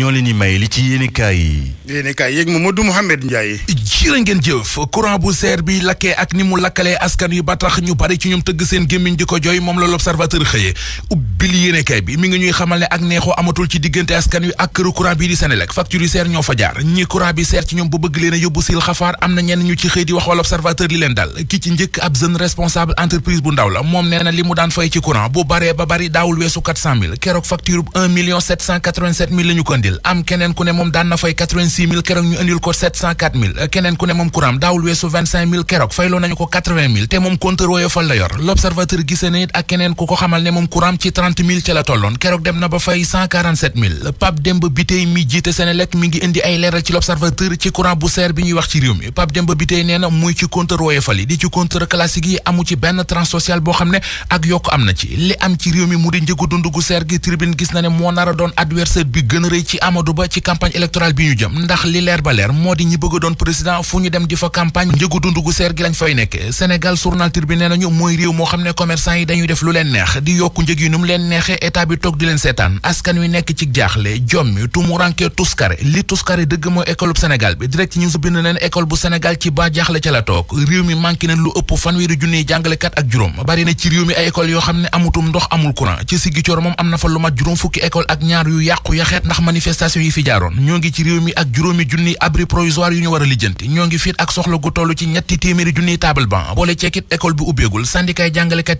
ñoo leen di may li ci yéenekaay yi. yéenekaay yeeg Mamadou Mouhamed Ndiaye. jërë ngeen jëf courant bu seer bi lakkee ak ni mu lakkalee askan wi ba tax ñu bari ci ñoom tëgg seen gémmiñ di jooy moom la l'observateur xëyee ubbil yéenekaay bi mi ngi ñuy xamal ne ak neexoo amatul ci diggante askan wi ak këru courant bii di Senelec facture yu seer ñoo fa jaar courant bi seer ci ñoom bu bëgg leen yóbbu sil xafaar am na ñenn ñu ci xëy di wax wala mille am keneen ku ne moom daan fay mille keroog ñu indil ko mille keneen ku ne moom courant daawul weesu mille keroog fayloo nañu ko mille te moom compteur woyofal la yor l'observateur gisee na it ak keneen ku ko xamal ne moom courant ci mille ca la tolloon keroog dem na ba fay cent quarante-sept mille Pape mi jiite Senelec mi ngi indi ay leeral ci l'observateur ci courant bu seer bi ñuy wax ci réew mi Pape Demba Bitèye nee na muy ci compteur woyofal yi di ci compteur amatu Ba ci campagne électorale bi ñu jëm ndax li leer ba leer moo di ñi bëgg doon président fu ñu dem di fa campagne njëgu dund gu seer gi lañ fay nekk Sénégal journal Tribune nee nañu mooy réew moo xam ne commerçant yi dañuy def lu leen neex di yokku njëg yi nu mu leen neexee état bi toog di leen seetaan askan wi nekk ci jaaxle jommi tumuranke tuskare li tuskare dëgg mooy école bu Sénégal bi direct ñu bind neen école bu Sénégal ci ba jaaxle la toog réew mi manqué na lu ëpp fanweeri junniy jàngalekat ak juróom bari na ci réew mi yoo xam ne amutum ndox amul courant ci Ziguinchor moom am na fa lu mat juróom fukki école ak ñaar yu yàqu yaxeet ndax manifestation yi fi jaaroon ñoo ngi ci réew mi ak juróomi junni abri provisoire yu ñu war a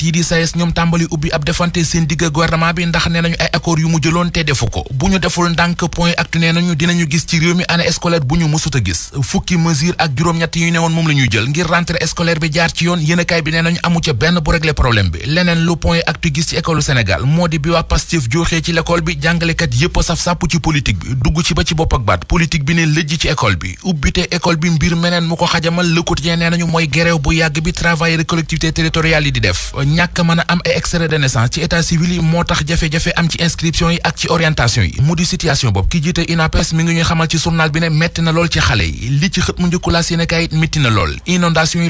yi di SAES e ñoom tàmbali ubbi bi ndax nee nañu ay accord yu mu jëloon te defu ko bu ñu deful ndànk point actu nee nañu dinañu gis ci réew mi année scolaire bu ñu mësut gis fukki mesure ak juróom-ñett yu ne woon moom la ñuy jël ngir rentrée scolaire bi jaar ci yoon yéenekaay bi nee nañu amu ca benn bu régler problème bi leneen lu point actu gis ci école Sénégal moo di bi waa Pastef jooxee ci l'école bi jàngalekat yépp saf sàpp ci politique dugg ci ba ci bopp ak baat politique bi ne lëjj ci école bi ubbite école bi mbir meneen mu ko xajamal Le Quotidien nee nañu mooy grève bu yàgg bi travailleurs collectivités territoriales yi di def ñàkk mën a am ay extrait de naissance ci état civil yi moo tax jafe-jafe am ci inscription yi ak ci orientation yi mu di situation boobu ki jiite UNAPES mi ngi ñuy xamal ci journal bi ne metti na lool ci xale yi li ci xët mu njëkku la Sénégal metti na lool inondation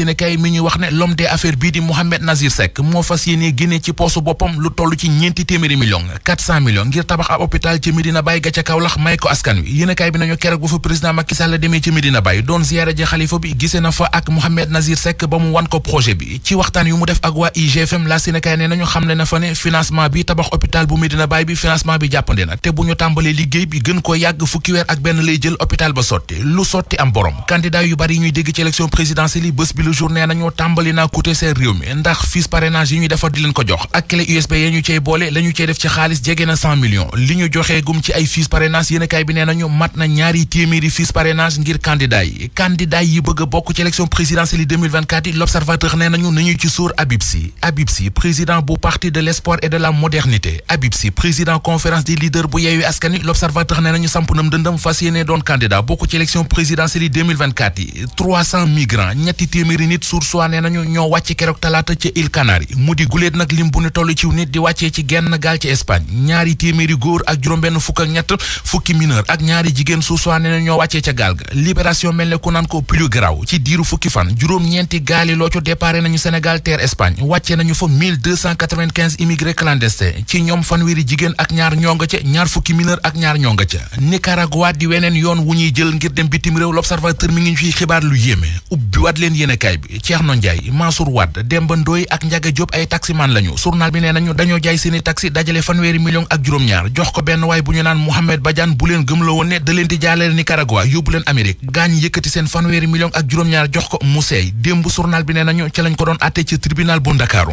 yéenekaay mi ñuy wax ne lom des affaires bii di Mohamed Nazir Seck moo fas yéene génne ci poosu boppam lu toll ci ñeenti téeméeri millions 400 millions ngir tabax ab hôpital ci Medina Baye ga ca Kaolack may ko askan wi yéenekaay bi nañu keroog bu président Macky Sall demee ci Medina Baye doon ziyaara ji xalifa bi gisee na fa ak Mohamed Nazir Seck ba mu wan ko projet bi ci waxtaan yu mu def ak waa IGFM la yéenekaay ne nañu xam ne na fa ne financement bi tabax hôpital bu Medina Baye bi financement bi jàppandi na te bu ñu tàmbalee liggéey bi gën ko yàgg fukki weer ak lay jël hôpital ba sotti lu sotti am borom candidat yu bari ñuy dégg ci élection présidentielle yi bés le nañu tàmbali naa coûter seen réew mi ndax fils parrainage yi ñuy defar di leen ko jox ak clé USB yi ñu cey boole la ñu def ci xaalis jege na 100 li ñu joxee gum ci ay fils parrainage yéen bi nee nañu mat na ñaari téeméeri fils parrainage ngir candidat yi candidat yi bëgg bokk ci élection présidentielle yi yi l'observateur nee nañu nañu ci sóor Habib Sy Habib Sy président bu parti de l'espoir et de la modernité Habib Sy président conférence téeméeri nit sursoi nee nañu ñoo wàcc keroog talaata ca îles Canaries mu di guléet nag lim bu ñu toll ciw nit di wàccee ci genn gaal ci Espagne ñaari téeméeri góor ak juróom-benn fukk ak ñett fukki mineur ak ñaari jigéen sursoi nee na ñoo wàccee ca gaal ga libération mel ne ku naan ko plus garaaw ci diiru fukki fan juróom-ñeenti gaali loo co déparé nañu Sénégal terre Espagne wàccee nañu fa 1295 immigrés ci ñoom fanweeri jigéen ak ñaar ñoo nga ca ñaar fukki mineur ak ñaar yoon wu ñuy jël ngir dem bitim réew l'observateur njaay bi Thierno Ndiaye Mansour Wade Demba Ndoye ak Ndiaga Diop ay taximan lañu journal bi nee nañu dañoo jaay seeni taxi dajale fanweeri million ak juróom-ñaar jox ko benn waay bu ñu naan Mohamed Badiane bu leen gëm woon ne da leen di jaaleele Nicaragua yóbbu leen Amérique gaañ yëkkati seen fanweeri million ak juróom-ñaar jox ko mu seey démb journal bi nee nañu ca lañ ko doon àtte ci tribunal bu Ndakaaru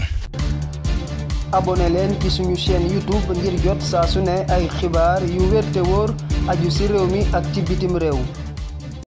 abonné leen ci suñu chaîne YouTube ngir jot saa su ne ay xibaar yu wér te